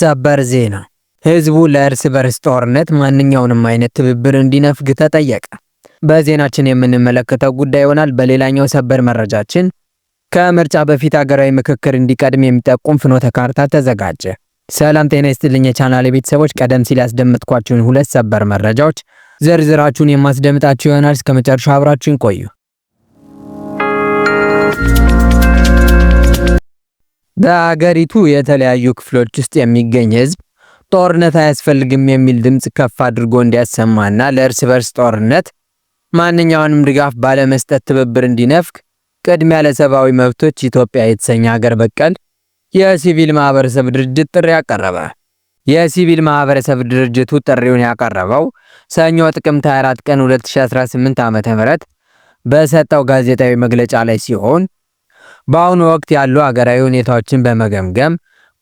ሰበር ዜና። ህዝቡ ለእርስ በርስ ጦርነት ማንኛውንም አይነት ትብብር እንዲነፍግ ተጠየቀ። በዜናችን የምንመለከተው ጉዳይ ይሆናል። በሌላኛው ሰበር መረጃችን ከምርጫ በፊት ሀገራዊ ምክክር እንዲቀድም የሚጠቁም ፍኖተ ካርታ ተዘጋጀ። ሰላም ጤና ይስጥልኝ የቻናሌ ቤተሰቦች፣ ቀደም ሲል ያስደምጥኳችሁን ሁለት ሰበር መረጃዎች ዝርዝራችሁን የማስደምጣችሁ ይሆናል። እስከ መጨረሻ አብራችሁን ቆዩ። በአገሪቱ የተለያዩ ክፍሎች ውስጥ የሚገኝ ህዝብ ጦርነት አያስፈልግም የሚል ድምፅ ከፍ አድርጎ እንዲያሰማና ለእርስ በርስ ጦርነት ማንኛውንም ድጋፍ ባለመስጠት ትብብር እንዲነፍግ ቅድሚያ ለሰብአዊ መብቶች ኢትዮጵያ የተሰኘ ሀገር በቀል የሲቪል ማህበረሰብ ድርጅት ጥሪ አቀረበ። የሲቪል ማህበረሰብ ድርጅቱ ጥሪውን ያቀረበው ሰኞ ጥቅምት 24 ቀን 2018 ም በሰጠው ጋዜጣዊ መግለጫ ላይ ሲሆን በአሁኑ ወቅት ያሉ አገራዊ ሁኔታዎችን በመገምገም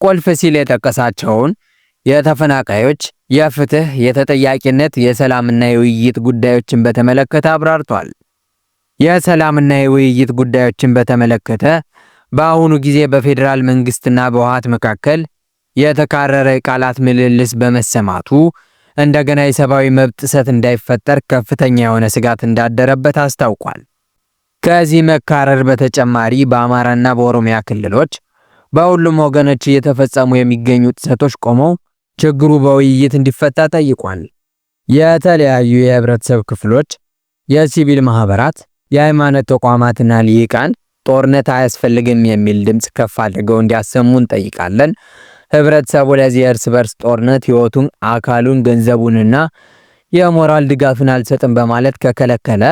ቆልፍ ሲል የጠቀሳቸውን የተፈናቃዮች የፍትህ፣ የተጠያቂነት፣ የሰላምና የውይይት ጉዳዮችን በተመለከተ አብራርቷል። የሰላምና የውይይት ጉዳዮችን በተመለከተ በአሁኑ ጊዜ በፌዴራል መንግስትና በውሃት መካከል የተካረረ ቃላት ምልልስ በመሰማቱ እንደገና የሰብአዊ መብት ጥሰት እንዳይፈጠር ከፍተኛ የሆነ ስጋት እንዳደረበት አስታውቋል። ከዚህ መካረር በተጨማሪ በአማራና በኦሮሚያ ክልሎች በሁሉም ወገኖች እየተፈጸሙ የሚገኙ ጥሰቶች ቆመው ችግሩ በውይይት እንዲፈታ ጠይቋል። የተለያዩ የህብረተሰብ ክፍሎች፣ የሲቪል ማህበራት፣ የሃይማኖት ተቋማትና ሊቃን ጦርነት አያስፈልግም የሚል ድምፅ ከፍ አድርገው እንዲያሰሙ እንጠይቃለን። ህብረተሰቡ ለዚህ የእርስ በርስ ጦርነት ህይወቱን፣ አካሉን፣ ገንዘቡንና የሞራል ድጋፍን አልሰጥም በማለት ከከለከለ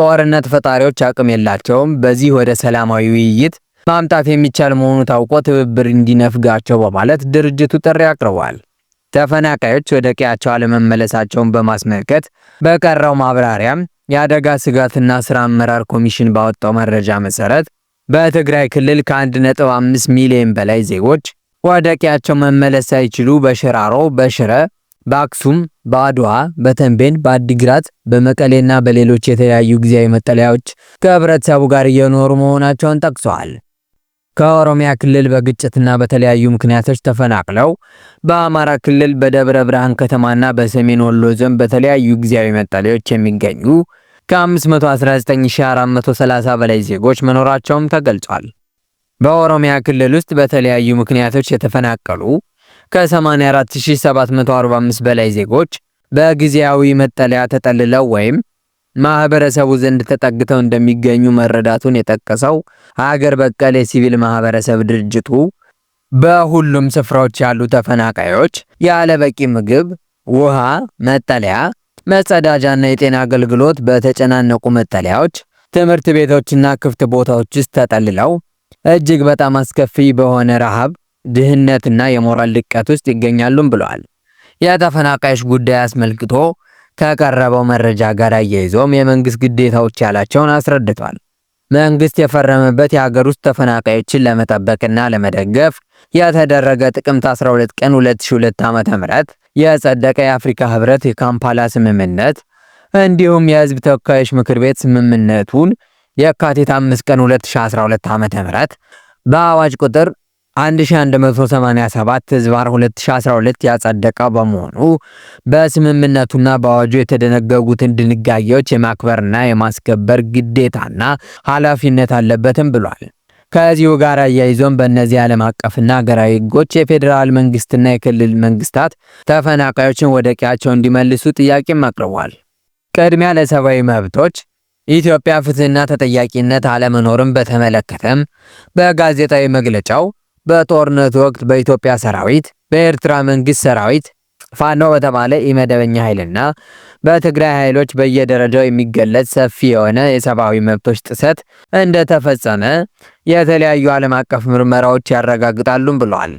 ጦርነት ፈጣሪዎች አቅም የላቸውም። በዚህ ወደ ሰላማዊ ውይይት ማምጣት የሚቻል መሆኑ ታውቆ ትብብር እንዲነፍጋቸው በማለት ድርጅቱ ጥሪ አቅርቧል። ተፈናቃዮች ወደ ቀያቸው አለመመለሳቸውን በማስመልከት በቀረው ማብራሪያም የአደጋ ስጋትና ስራ አመራር ኮሚሽን ባወጣው መረጃ መሰረት በትግራይ ክልል ከ1.5 ሚሊዮን በላይ ዜጎች ወደ ቀያቸው መመለስ ሳይችሉ በሽራሮ፣ በሽረ በአክሱም፣ በአድዋ፣ በተንቤን፣ በአዲግራት፣ በመቀሌና በሌሎች የተለያዩ ጊዜያዊ መጠለያዎች ከህብረተሰቡ ጋር እየኖሩ መሆናቸውን ጠቅሰዋል። ከኦሮሚያ ክልል በግጭትና በተለያዩ ምክንያቶች ተፈናቅለው በአማራ ክልል በደብረ ብርሃን ከተማና በሰሜን ወሎ ዞን በተለያዩ ጊዜያዊ መጠለያዎች የሚገኙ ከ519430 በላይ ዜጎች መኖራቸውም ተገልጿል። በኦሮሚያ ክልል ውስጥ በተለያዩ ምክንያቶች የተፈናቀሉ ከ84745 በላይ ዜጎች በጊዜያዊ መጠለያ ተጠልለው ወይም ማህበረሰቡ ዘንድ ተጠግተው እንደሚገኙ መረዳቱን የጠቀሰው ሀገር በቀል የሲቪል ማህበረሰብ ድርጅቱ በሁሉም ስፍራዎች ያሉ ተፈናቃዮች ያለ በቂ ምግብ፣ ውሃ፣ መጠለያ፣ መጸዳጃና የጤና አገልግሎት በተጨናነቁ መጠለያዎች፣ ትምህርት ቤቶችና ክፍት ቦታዎች ውስጥ ተጠልለው እጅግ በጣም አስከፊ በሆነ ረሃብ ድህነትና የሞራል ድቀት ውስጥ ይገኛሉም ብለዋል። የተፈናቃዮች ጉዳይ አስመልክቶ ከቀረበው መረጃ ጋር አያይዞም የመንግስት ግዴታዎች ያላቸውን አስረድቷል። መንግስት የፈረመበት የሀገር ውስጥ ተፈናቃዮችን ለመጠበቅና ለመደገፍ የተደረገ ጥቅምት 12 ቀን 2002 ዓ.ም የጸደቀ የአፍሪካ ህብረት የካምፓላ ስምምነት እንዲሁም የህዝብ ተወካዮች ምክር ቤት ስምምነቱን የካቲት 5 ቀን 2012 ዓ.ም በአዋጅ ቁጥር 1187 ህዝባር 2012 ያጸደቀ በመሆኑ በስምምነቱና በአዋጁ የተደነገጉትን ድንጋጌዎች የማክበርና የማስከበር ግዴታና ኃላፊነት አለበትም ብሏል። ከዚሁ ጋር አያይዞም በእነዚህ ዓለም አቀፍና ሀገራዊ ህጎች የፌዴራል መንግስትና የክልል መንግስታት ተፈናቃዮችን ወደ ቀያቸው እንዲመልሱ ጥያቄም አቅርቧል። ቅድሚያ ለሰብአዊ መብቶች ኢትዮጵያ ፍትህና ተጠያቂነት አለመኖርን በተመለከተም በጋዜጣዊ መግለጫው በጦርነት ወቅት በኢትዮጵያ ሰራዊት፣ በኤርትራ መንግስት ሰራዊት፣ ፋኖ በተባለ ኢመደበኛ ኃይልና በትግራይ ኃይሎች በየደረጃው የሚገለጽ ሰፊ የሆነ የሰብአዊ መብቶች ጥሰት እንደተፈጸመ የተለያዩ ዓለም አቀፍ ምርመራዎች ያረጋግጣሉም ብለዋል።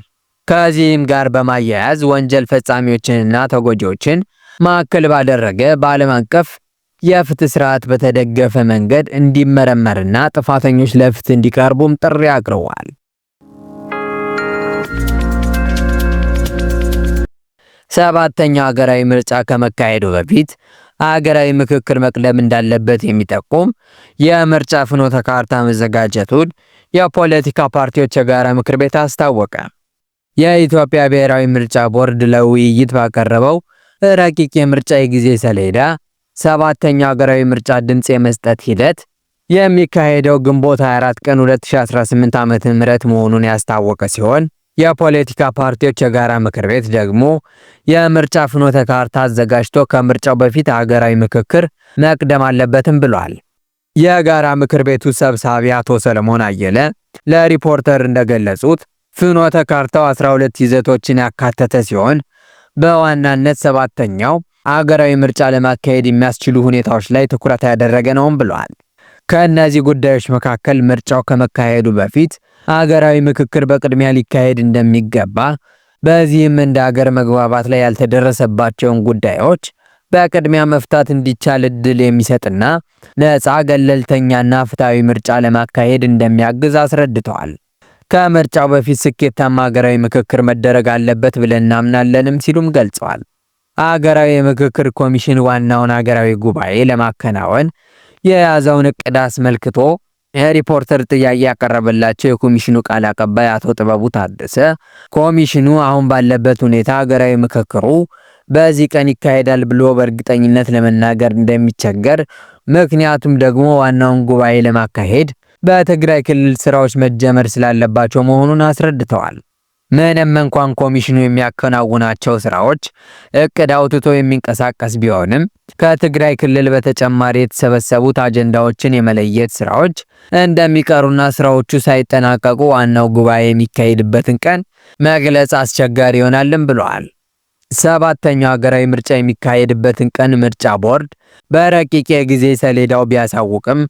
ከዚህም ጋር በማያያዝ ወንጀል ፈጻሚዎችንና ተጎጂዎችን ማዕከል ባደረገ በዓለም አቀፍ የፍትህ ስርዓት በተደገፈ መንገድ እንዲመረመርና ጥፋተኞች ለፍትህ እንዲቀርቡም ጥሪ አቅርበዋል። ሰባተኛው ሀገራዊ ምርጫ ከመካሄዱ በፊት ሀገራዊ ምክክር መቅደም እንዳለበት የሚጠቁም የምርጫ ፍኖተ ካርታ መዘጋጀቱን የፖለቲካ ፓርቲዎች የጋራ ምክር ቤት አስታወቀ። የኢትዮጵያ ብሔራዊ ምርጫ ቦርድ ለውይይት ባቀረበው ረቂቅ የምርጫ የጊዜ ሰሌዳ ሰባተኛው ሀገራዊ ምርጫ ድምፅ የመስጠት ሂደት የሚካሄደው ግንቦት 24 ቀን 2018 ም መሆኑን ያስታወቀ ሲሆን የፖለቲካ ፓርቲዎች የጋራ ምክር ቤት ደግሞ የምርጫ ፍኖተ ካርታ አዘጋጅቶ ከምርጫው በፊት ሀገራዊ ምክክር መቅደም አለበትም ብሏል። የጋራ ምክር ቤቱ ሰብሳቢ አቶ ሰለሞን አየለ ለሪፖርተር እንደገለጹት ፍኖተ ካርታው 12 ይዘቶችን ያካተተ ሲሆን በዋናነት ሰባተኛው አገራዊ ምርጫ ለማካሄድ የሚያስችሉ ሁኔታዎች ላይ ትኩረት ያደረገ ነውም ብለዋል። ከእነዚህ ጉዳዮች መካከል ምርጫው ከመካሄዱ በፊት አገራዊ ምክክር በቅድሚያ ሊካሄድ እንደሚገባ፣ በዚህም እንደ አገር መግባባት ላይ ያልተደረሰባቸውን ጉዳዮች በቅድሚያ መፍታት እንዲቻል እድል የሚሰጥና ነፃ ገለልተኛና ፍትሐዊ ምርጫ ለማካሄድ እንደሚያግዝ አስረድተዋል። ከምርጫው በፊት ስኬታማ አገራዊ ምክክር መደረግ አለበት ብለን እናምናለንም ሲሉም ገልጸዋል። አገራዊ የምክክር ኮሚሽን ዋናውን አገራዊ ጉባኤ ለማከናወን የያዘውን እቅድ አስመልክቶ የሪፖርተር ጥያቄ ያቀረበላቸው የኮሚሽኑ ቃል አቀባይ አቶ ጥበቡ ታደሰ ኮሚሽኑ አሁን ባለበት ሁኔታ ሀገራዊ ምክክሩ በዚህ ቀን ይካሄዳል ብሎ በእርግጠኝነት ለመናገር እንደሚቸገር፣ ምክንያቱም ደግሞ ዋናውን ጉባኤ ለማካሄድ በትግራይ ክልል ስራዎች መጀመር ስላለባቸው መሆኑን አስረድተዋል። ምንም እንኳን ኮሚሽኑ የሚያከናውናቸው ስራዎች እቅድ አውጥቶ የሚንቀሳቀስ ቢሆንም ከትግራይ ክልል በተጨማሪ የተሰበሰቡት አጀንዳዎችን የመለየት ስራዎች እንደሚቀሩና ስራዎቹ ሳይጠናቀቁ ዋናው ጉባኤ የሚካሄድበትን ቀን መግለጽ አስቸጋሪ ይሆናልም ብለዋል። ሰባተኛው ሀገራዊ ምርጫ የሚካሄድበትን ቀን ምርጫ ቦርድ በረቂቅ የጊዜ ሰሌዳው ቢያሳውቅም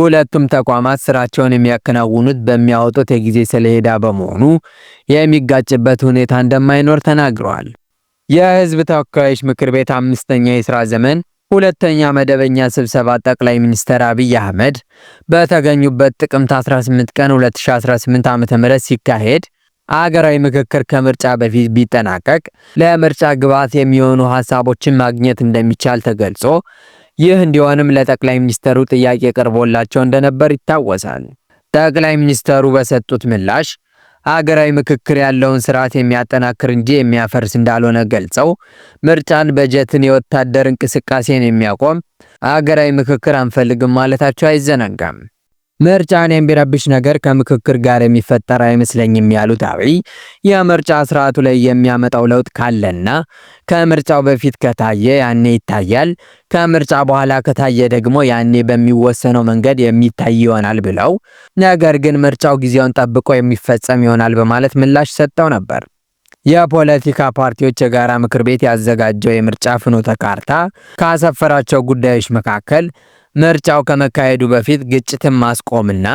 ሁለቱም ተቋማት ስራቸውን የሚያከናውኑት በሚያወጡት የጊዜ ሰሌዳ በመሆኑ የሚጋጭበት ሁኔታ እንደማይኖር ተናግረዋል። የህዝብ ተወካዮች ምክር ቤት አምስተኛ የስራ ዘመን ሁለተኛ መደበኛ ስብሰባ ጠቅላይ ሚኒስትር አብይ አህመድ በተገኙበት ጥቅምት 18 ቀን 2018 ዓ.ም ሲካሄድ አገራዊ ምክክር ከምርጫ በፊት ቢጠናቀቅ ለምርጫ ግብዓት የሚሆኑ ሀሳቦችን ማግኘት እንደሚቻል ተገልጾ ይህ እንዲሆንም ለጠቅላይ ሚኒስትሩ ጥያቄ ቀርቦላቸው እንደነበር ይታወሳል። ጠቅላይ ሚኒስትሩ በሰጡት ምላሽ ሀገራዊ ምክክር ያለውን ስርዓት የሚያጠናክር እንጂ የሚያፈርስ እንዳልሆነ ገልጸው ምርጫን፣ በጀትን፣ የወታደር እንቅስቃሴን የሚያቆም ሀገራዊ ምክክር አንፈልግም ማለታቸው አይዘነጋም። ምርጫን የሚረብሽ ነገር ከምክክር ጋር የሚፈጠር አይመስለኝም ያሉት አብይ የምርጫ ስርዓቱ ላይ የሚያመጣው ለውጥ ካለና ከምርጫው በፊት ከታየ ያኔ ይታያል፣ ከምርጫ በኋላ ከታየ ደግሞ ያኔ በሚወሰነው መንገድ የሚታይ ይሆናል ብለው ነገር ግን ምርጫው ጊዜውን ጠብቆ የሚፈጸም ይሆናል በማለት ምላሽ ሰጠው ነበር። የፖለቲካ ፓርቲዎች የጋራ ምክር ቤት ያዘጋጀው የምርጫ ፍኖተ ካርታ ካሰፈራቸው ጉዳዮች መካከል ምርጫው ከመካሄዱ በፊት ግጭትን ማስቆምና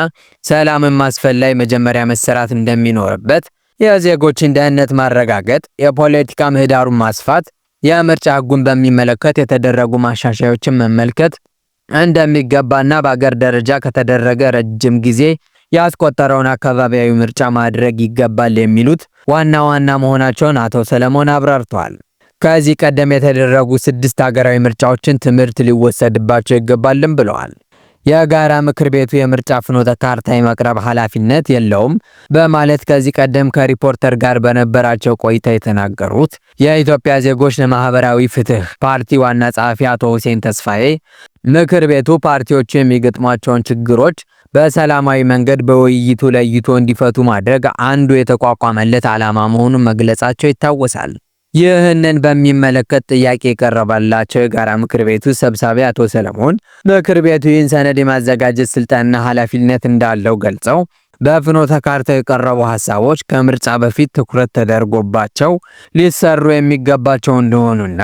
ሰላምን ማስፈን ላይ መጀመሪያ መሰራት እንደሚኖርበት፣ የዜጎችን ደህንነት ማረጋገጥ፣ የፖለቲካ ምህዳሩን ማስፋት፣ የምርጫ ህጉን በሚመለከት የተደረጉ ማሻሻዮችን መመልከት እንደሚገባና በአገር ደረጃ ከተደረገ ረጅም ጊዜ ያስቆጠረውን አካባቢያዊ ምርጫ ማድረግ ይገባል የሚሉት ዋና ዋና መሆናቸውን አቶ ሰለሞን አብራርተዋል። ከዚህ ቀደም የተደረጉ ስድስት ሀገራዊ ምርጫዎችን ትምህርት ሊወሰድባቸው ይገባልም ብለዋል። የጋራ ምክር ቤቱ የምርጫ ፍኖተ ካርታ የመቅረብ ኃላፊነት የለውም በማለት ከዚህ ቀደም ከሪፖርተር ጋር በነበራቸው ቆይታ የተናገሩት የኢትዮጵያ ዜጎች ለማህበራዊ ፍትህ ፓርቲ ዋና ጸሐፊ አቶ ሁሴን ተስፋዬ ምክር ቤቱ ፓርቲዎቹ የሚገጥሟቸውን ችግሮች በሰላማዊ መንገድ በውይይቱ ለይቶ እንዲፈቱ ማድረግ አንዱ የተቋቋመለት ዓላማ መሆኑን መግለጻቸው ይታወሳል። ይህንን በሚመለከት ጥያቄ የቀረበላቸው የጋራ ምክር ቤቱ ሰብሳቢ አቶ ሰለሞን ምክር ቤቱ ይህን ሰነድ የማዘጋጀት ስልጣንና ኃላፊነት እንዳለው ገልጸው በፍኖተ ካርታ የቀረቡ ሀሳቦች ከምርጫ በፊት ትኩረት ተደርጎባቸው ሊሰሩ የሚገባቸው እንደሆኑና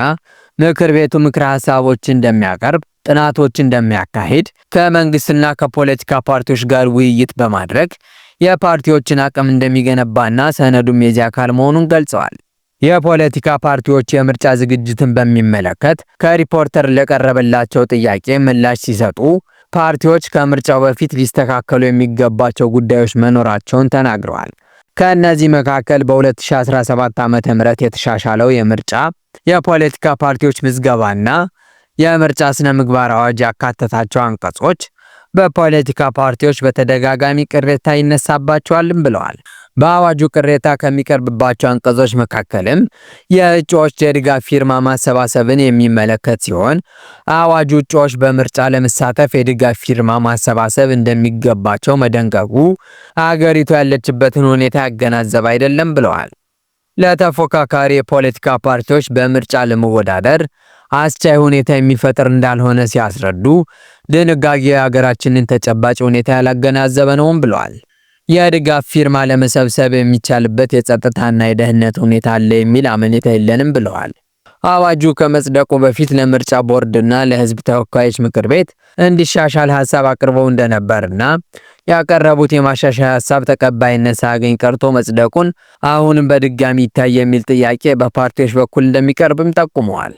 ምክር ቤቱ ምክረ ሀሳቦች እንደሚያቀርብ፣ ጥናቶች እንደሚያካሂድ፣ ከመንግስትና ከፖለቲካ ፓርቲዎች ጋር ውይይት በማድረግ የፓርቲዎችን አቅም እንደሚገነባና ሰነዱም የዚህ አካል መሆኑን ገልጸዋል። የፖለቲካ ፓርቲዎች የምርጫ ዝግጅትን በሚመለከት ከሪፖርተር ለቀረበላቸው ጥያቄ ምላሽ ሲሰጡ ፓርቲዎች ከምርጫው በፊት ሊስተካከሉ የሚገባቸው ጉዳዮች መኖራቸውን ተናግረዋል። ከእነዚህ መካከል በ2017 ዓ.ም የተሻሻለው የምርጫ የፖለቲካ ፓርቲዎች ምዝገባና የምርጫ ስነ ምግባር አዋጅ ያካተታቸው አንቀጾች በፖለቲካ ፓርቲዎች በተደጋጋሚ ቅሬታ ይነሳባቸዋልም ብለዋል። በአዋጁ ቅሬታ ከሚቀርብባቸው አንቀጾች መካከልም የእጩዎች የድጋፍ ፊርማ ማሰባሰብን የሚመለከት ሲሆን አዋጁ እጩዎች በምርጫ ለመሳተፍ የድጋፍ ፊርማ ማሰባሰብ እንደሚገባቸው መደንገጉ አገሪቱ ያለችበትን ሁኔታ ያገናዘብ አይደለም ብለዋል። ለተፎካካሪ የፖለቲካ ፓርቲዎች በምርጫ ለመወዳደር አስቻይ ሁኔታ የሚፈጥር እንዳልሆነ ሲያስረዱ ድንጋጌ የሀገራችንን ተጨባጭ ሁኔታ ያላገናዘበ ነውም ብለዋል። የድጋፍ ፊርማ ለመሰብሰብ የሚቻልበት የጸጥታና የደህንነት ሁኔታ አለ የሚል አመኔታ የለንም ብለዋል። አዋጁ ከመጽደቁ በፊት ለምርጫ ቦርድና ለሕዝብ ተወካዮች ምክር ቤት እንዲሻሻል ሀሳብ አቅርበው እንደነበርና ያቀረቡት የማሻሻያ ሀሳብ ተቀባይነት ሳያገኝ ቀርቶ መጽደቁን አሁንም በድጋሚ ይታይ የሚል ጥያቄ በፓርቲዎች በኩል እንደሚቀርብም ጠቁመዋል።